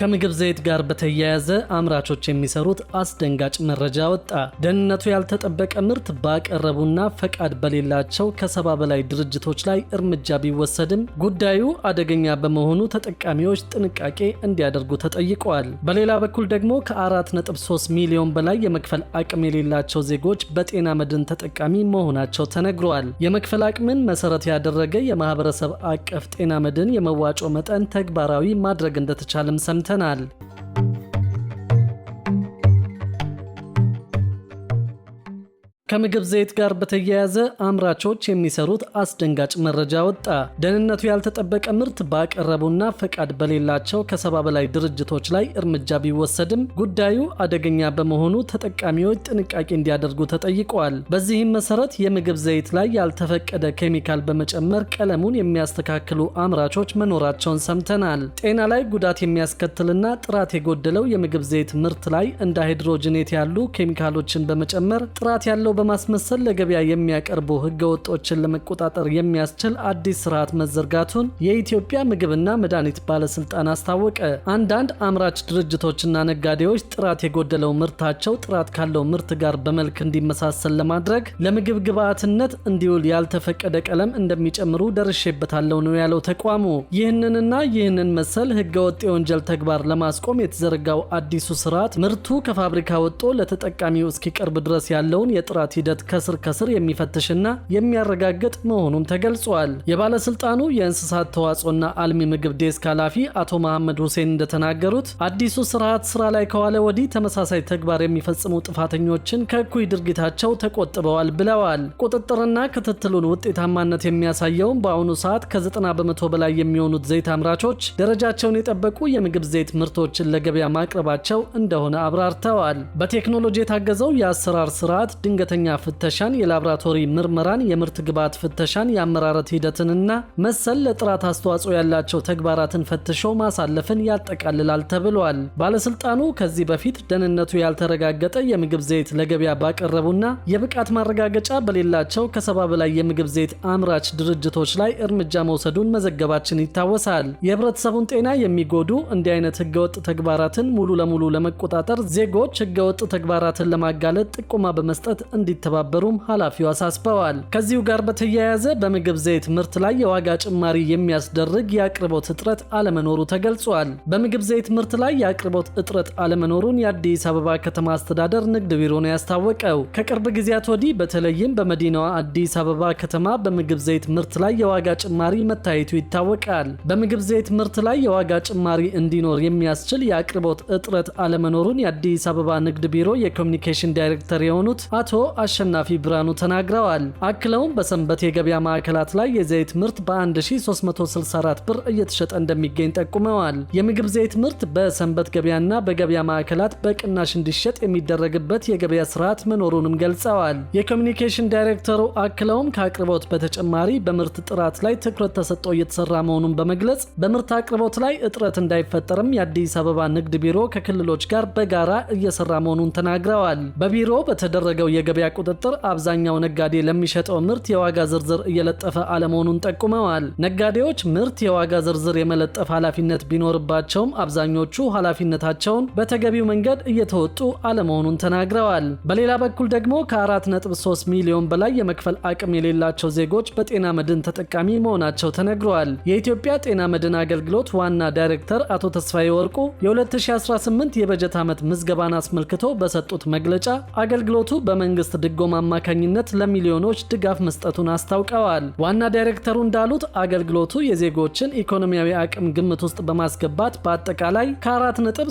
ከምግብ ዘይት ጋር በተያያዘ አምራቾች የሚሰሩት አስደንጋጭ መረጃ ወጣ። ደህንነቱ ያልተጠበቀ ምርት ባቀረቡና ፈቃድ በሌላቸው ከሰባ በላይ ድርጅቶች ላይ እርምጃ ቢወሰድም ጉዳዩ አደገኛ በመሆኑ ተጠቃሚዎች ጥንቃቄ እንዲያደርጉ ተጠይቀዋል። በሌላ በኩል ደግሞ ከ4.3 ሚሊዮን በላይ የመክፈል አቅም የሌላቸው ዜጎች በጤና መድን ተጠቃሚ መሆናቸው ተነግሯል። የመክፈል አቅምን መሰረት ያደረገ የማህበረሰብ አቀፍ ጤና መድን የመዋጮ መጠን ተግባራዊ ማድረግ እንደተቻለም ሰምተ ሰምተናል። ከምግብ ዘይት ጋር በተያያዘ አምራቾች የሚሰሩት አስደንጋጭ መረጃ ወጣ። ደህንነቱ ያልተጠበቀ ምርት ባቀረቡና ፈቃድ በሌላቸው ከሰባ በላይ ድርጅቶች ላይ እርምጃ ቢወሰድም ጉዳዩ አደገኛ በመሆኑ ተጠቃሚዎች ጥንቃቄ እንዲያደርጉ ተጠይቀዋል። በዚህም መሰረት የምግብ ዘይት ላይ ያልተፈቀደ ኬሚካል በመጨመር ቀለሙን የሚያስተካክሉ አምራቾች መኖራቸውን ሰምተናል። ጤና ላይ ጉዳት የሚያስከትልና ጥራት የጎደለው የምግብ ዘይት ምርት ላይ እንደ ሃይድሮጅኔት ያሉ ኬሚካሎችን በመጨመር ጥራት ያለው በማስመሰል ለገበያ የሚያቀርቡ ህገወጦችን ለመቆጣጠር የሚያስችል አዲስ ስርዓት መዘርጋቱን የኢትዮጵያ ምግብና መድኃኒት ባለስልጣን አስታወቀ። አንዳንድ አምራች ድርጅቶችና ነጋዴዎች ጥራት የጎደለው ምርታቸው ጥራት ካለው ምርት ጋር በመልክ እንዲመሳሰል ለማድረግ ለምግብ ግብዓትነት እንዲውል ያልተፈቀደ ቀለም እንደሚጨምሩ ደርሼበታለሁ ነው ያለው ተቋሙ። ይህንንና ይህንን መሰል ህገወጥ የወንጀል ተግባር ለማስቆም የተዘረጋው አዲሱ ስርዓት ምርቱ ከፋብሪካ ወጥቶ ለተጠቃሚው እስኪቀርብ ድረስ ያለውን የጥራት የጥናት ሂደት ከስር ከስር የሚፈትሽና የሚያረጋግጥ መሆኑን ተገልጿል። የባለስልጣኑ የእንስሳት ተዋጽኦና አልሚ ምግብ ዴስክ ኃላፊ አቶ መሐመድ ሁሴን እንደተናገሩት አዲሱ ስርዓት ስራ ላይ ከዋለ ወዲህ ተመሳሳይ ተግባር የሚፈጽሙ ጥፋተኞችን ከእኩይ ድርጊታቸው ተቆጥበዋል ብለዋል። ቁጥጥርና ክትትሉን ውጤታማነት የሚያሳየውም በአሁኑ ሰዓት ከ90 በመቶ በላይ የሚሆኑት ዘይት አምራቾች ደረጃቸውን የጠበቁ የምግብ ዘይት ምርቶችን ለገበያ ማቅረባቸው እንደሆነ አብራርተዋል። በቴክኖሎጂ የታገዘው የአሰራር ስርዓት ድንገተ የድንገተኛ ፍተሻን፣ የላብራቶሪ ምርመራን፣ የምርት ግብዓት ፍተሻን፣ የአመራረት ሂደትንና መሰል ለጥራት አስተዋጽኦ ያላቸው ተግባራትን ፈትሾ ማሳለፍን ያጠቃልላል ተብሏል። ባለስልጣኑ ከዚህ በፊት ደህንነቱ ያልተረጋገጠ የምግብ ዘይት ለገበያ ባቀረቡና የብቃት ማረጋገጫ በሌላቸው ከሰባ በላይ የምግብ ዘይት አምራች ድርጅቶች ላይ እርምጃ መውሰዱን መዘገባችን ይታወሳል። የህብረተሰቡን ጤና የሚጎዱ እንዲህ አይነት ህገወጥ ተግባራትን ሙሉ ለሙሉ ለመቆጣጠር ዜጎች ህገወጥ ተግባራትን ለማጋለጥ ጥቆማ በመስጠት እንዲተባበሩም ኃላፊው አሳስበዋል። ከዚሁ ጋር በተያያዘ በምግብ ዘይት ምርት ላይ የዋጋ ጭማሪ የሚያስደርግ የአቅርቦት እጥረት አለመኖሩ ተገልጿል። በምግብ ዘይት ምርት ላይ የአቅርቦት እጥረት አለመኖሩን የአዲስ አበባ ከተማ አስተዳደር ንግድ ቢሮ ነው ያስታወቀው። ከቅርብ ጊዜያት ወዲህ በተለይም በመዲናዋ አዲስ አበባ ከተማ በምግብ ዘይት ምርት ላይ የዋጋ ጭማሪ መታየቱ ይታወቃል። በምግብ ዘይት ምርት ላይ የዋጋ ጭማሪ እንዲኖር የሚያስችል የአቅርቦት እጥረት አለመኖሩን የአዲስ አበባ ንግድ ቢሮ የኮሚኒኬሽን ዳይሬክተር የሆኑት አቶ አሸናፊ ብርሃኑ ተናግረዋል። አክለውም በሰንበት የገበያ ማዕከላት ላይ የዘይት ምርት በ1364 ብር እየተሸጠ እንደሚገኝ ጠቁመዋል። የምግብ ዘይት ምርት በሰንበት ገበያና በገበያ ማዕከላት በቅናሽ እንዲሸጥ የሚደረግበት የገበያ ስርዓት መኖሩንም ገልጸዋል። የኮሚኒኬሽን ዳይሬክተሩ አክለውም ከአቅርቦት በተጨማሪ በምርት ጥራት ላይ ትኩረት ተሰጥቶ እየተሰራ መሆኑን በመግለጽ በምርት አቅርቦት ላይ እጥረት እንዳይፈጠርም የአዲስ አበባ ንግድ ቢሮ ከክልሎች ጋር በጋራ እየሰራ መሆኑን ተናግረዋል። በቢሮ በተደረገው የገበያ የገበያ ቁጥጥር አብዛኛው ነጋዴ ለሚሸጠው ምርት የዋጋ ዝርዝር እየለጠፈ አለመሆኑን ጠቁመዋል። ነጋዴዎች ምርት የዋጋ ዝርዝር የመለጠፍ ኃላፊነት ቢኖርባቸውም አብዛኞቹ ኃላፊነታቸውን በተገቢው መንገድ እየተወጡ አለመሆኑን ተናግረዋል። በሌላ በኩል ደግሞ ከ4.3 ሚሊዮን በላይ የመክፈል አቅም የሌላቸው ዜጎች በጤና መድን ተጠቃሚ መሆናቸው ተነግረዋል። የኢትዮጵያ ጤና መድን አገልግሎት ዋና ዳይሬክተር አቶ ተስፋዬ ወርቁ የ2018 የበጀት ዓመት ምዝገባን አስመልክቶ በሰጡት መግለጫ አገልግሎቱ በመንግስት ድጎማ አማካኝነት ለሚሊዮኖች ድጋፍ መስጠቱን አስታውቀዋል። ዋና ዳይሬክተሩ እንዳሉት አገልግሎቱ የዜጎችን ኢኮኖሚያዊ አቅም ግምት ውስጥ በማስገባት በአጠቃላይ ከ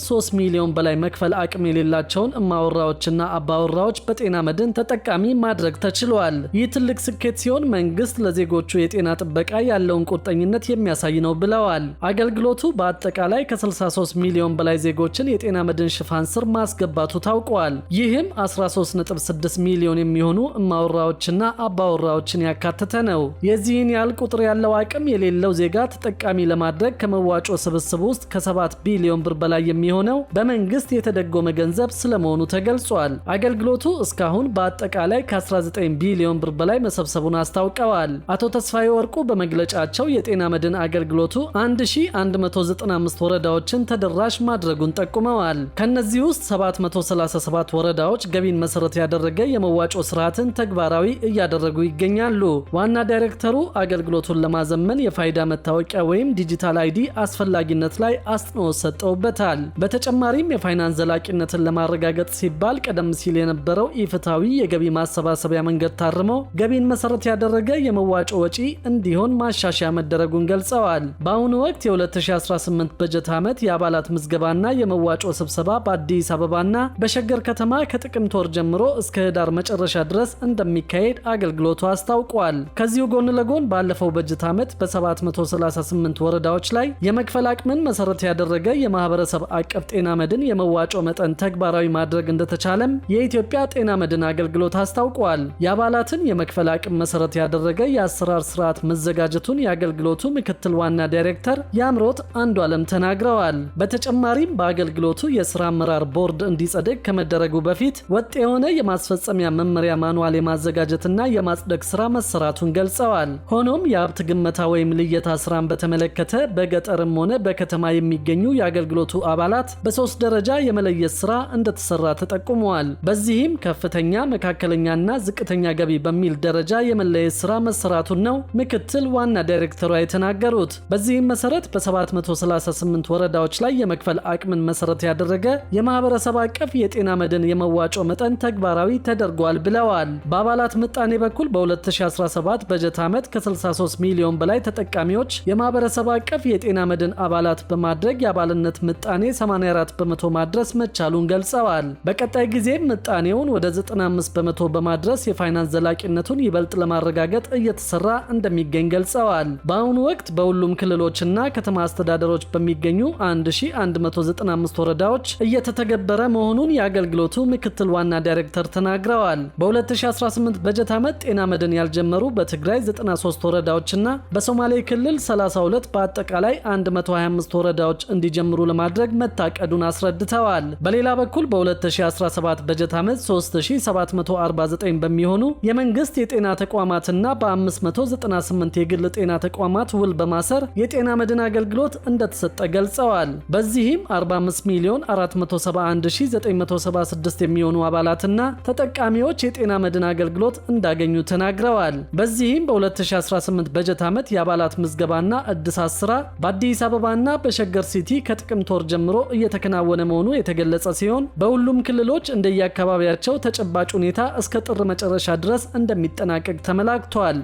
ሶስት ሚሊዮን በላይ መክፈል አቅም የሌላቸውን እማወራዎችና አባወራዎች በጤና መድን ተጠቃሚ ማድረግ ተችሏል። ይህ ትልቅ ስኬት ሲሆን መንግስት ለዜጎቹ የጤና ጥበቃ ያለውን ቁርጠኝነት የሚያሳይ ነው ብለዋል። አገልግሎቱ በአጠቃላይ ከ63 ሚሊዮን በላይ ዜጎችን የጤና መድን ሽፋን ስር ማስገባቱ ታውቋል። ይህም 13.6 ሚሊዮን ሚሊዮን የሚሆኑ እማወራዎችና አባወራዎችን ያካተተ ነው። የዚህን ያህል ቁጥር ያለው አቅም የሌለው ዜጋ ተጠቃሚ ለማድረግ ከመዋጮ ስብስብ ውስጥ ከ7 ቢሊዮን ብር በላይ የሚሆነው በመንግስት የተደጎመ ገንዘብ ስለመሆኑ ተገልጿል። አገልግሎቱ እስካሁን በአጠቃላይ ከ19 ቢሊዮን ብር በላይ መሰብሰቡን አስታውቀዋል። አቶ ተስፋዬ ወርቁ በመግለጫቸው የጤና መድን አገልግሎቱ 1195 ወረዳዎችን ተደራሽ ማድረጉን ጠቁመዋል። ከእነዚህ ውስጥ 737 ወረዳዎች ገቢን መሰረት ያደረገ የመዋጮ ስርዓትን ተግባራዊ እያደረጉ ይገኛሉ። ዋና ዳይሬክተሩ አገልግሎቱን ለማዘመን የፋይዳ መታወቂያ ወይም ዲጂታል አይዲ አስፈላጊነት ላይ አጽንኦት ሰጠውበታል። በተጨማሪም የፋይናንስ ዘላቂነትን ለማረጋገጥ ሲባል ቀደም ሲል የነበረው ኢፍታዊ የገቢ ማሰባሰቢያ መንገድ ታርሞ ገቢን መሰረት ያደረገ የመዋጮ ወጪ እንዲሆን ማሻሻያ መደረጉን ገልጸዋል። በአሁኑ ወቅት የ2018 በጀት ዓመት የአባላት ምዝገባና የመዋጮ ስብሰባ በአዲስ አበባና በሸገር ከተማ ከጥቅምት ወር ጀምሮ እስከ ህዳር ህዳር መጨረሻ ድረስ እንደሚካሄድ አገልግሎቱ አስታውቋል። ከዚሁ ጎን ለጎን ባለፈው በጀት ዓመት በ738 ወረዳዎች ላይ የመክፈል አቅምን መሰረት ያደረገ የማህበረሰብ አቀፍ ጤና መድን የመዋጮ መጠን ተግባራዊ ማድረግ እንደተቻለም የኢትዮጵያ ጤና መድን አገልግሎት አስታውቋል። የአባላትን የመክፈል አቅም መሰረት ያደረገ የአሰራር ስርዓት መዘጋጀቱን የአገልግሎቱ ምክትል ዋና ዳይሬክተር የአምሮት አንዱ ዓለም ተናግረዋል። በተጨማሪም በአገልግሎቱ የስራ አመራር ቦርድ እንዲጸድቅ ከመደረጉ በፊት ወጥ የሆነ የማስፈጸም የማስፈጸሚያ መመሪያ ማንዋል የማዘጋጀትና የማጽደቅ ስራ መሰራቱን ገልጸዋል። ሆኖም የሀብት ግመታ ወይም ልየታ ስራን በተመለከተ በገጠርም ሆነ በከተማ የሚገኙ የአገልግሎቱ አባላት በሶስት ደረጃ የመለየት ስራ እንደተሰራ ተጠቁመዋል። በዚህም ከፍተኛ፣ መካከለኛና ዝቅተኛ ገቢ በሚል ደረጃ የመለየት ስራ መሰራቱን ነው ምክትል ዋና ዳይሬክተሯ የተናገሩት። በዚህም መሰረት በ738 ወረዳዎች ላይ የመክፈል አቅምን መሰረት ያደረገ የማህበረሰብ አቀፍ የጤና መድን የመዋጮ መጠን ተግባራዊ ተደ ተደርጓል ብለዋል። በአባላት ምጣኔ በኩል በ2017 በጀት ዓመት ከ63 ሚሊዮን በላይ ተጠቃሚዎች የማህበረሰብ አቀፍ የጤና መድን አባላት በማድረግ የአባልነት ምጣኔ 84 በመቶ ማድረስ መቻሉን ገልጸዋል። በቀጣይ ጊዜም ምጣኔውን ወደ 95 በመቶ በማድረስ የፋይናንስ ዘላቂነቱን ይበልጥ ለማረጋገጥ እየተሰራ እንደሚገኝ ገልጸዋል። በአሁኑ ወቅት በሁሉም ክልሎችና ከተማ አስተዳደሮች በሚገኙ 1195 ወረዳዎች እየተተገበረ መሆኑን የአገልግሎቱ ምክትል ዋና ዳይሬክተር ተናግረዋል። ተናግረዋል። በ2018 በጀት ዓመት ጤና መድን ያልጀመሩ በትግራይ 93 ወረዳዎችና በሶማሌ ክልል 32 በአጠቃላይ 125 ወረዳዎች እንዲጀምሩ ለማድረግ መታቀዱን አስረድተዋል። በሌላ በኩል በ2017 በጀት ዓመት 3749 በሚሆኑ የመንግስት የጤና ተቋማትና በ598 የግል ጤና ተቋማት ውል በማሰር የጤና መድን አገልግሎት እንደተሰጠ ገልጸዋል። በዚህም 45 ሚሊዮን 471976 የሚሆኑ አባላትና ተጠቃሚ ተጠቃሚዎች የጤና መድን አገልግሎት እንዳገኙ ተናግረዋል። በዚህም በ2018 በጀት ዓመት የአባላት ምዝገባና እድሳት ስራ በአዲስ አበባና በሸገር ሲቲ ከጥቅምት ወር ጀምሮ እየተከናወነ መሆኑ የተገለጸ ሲሆን በሁሉም ክልሎች እንደየአካባቢያቸው ተጨባጭ ሁኔታ እስከ ጥር መጨረሻ ድረስ እንደሚጠናቀቅ ተመላክቷል።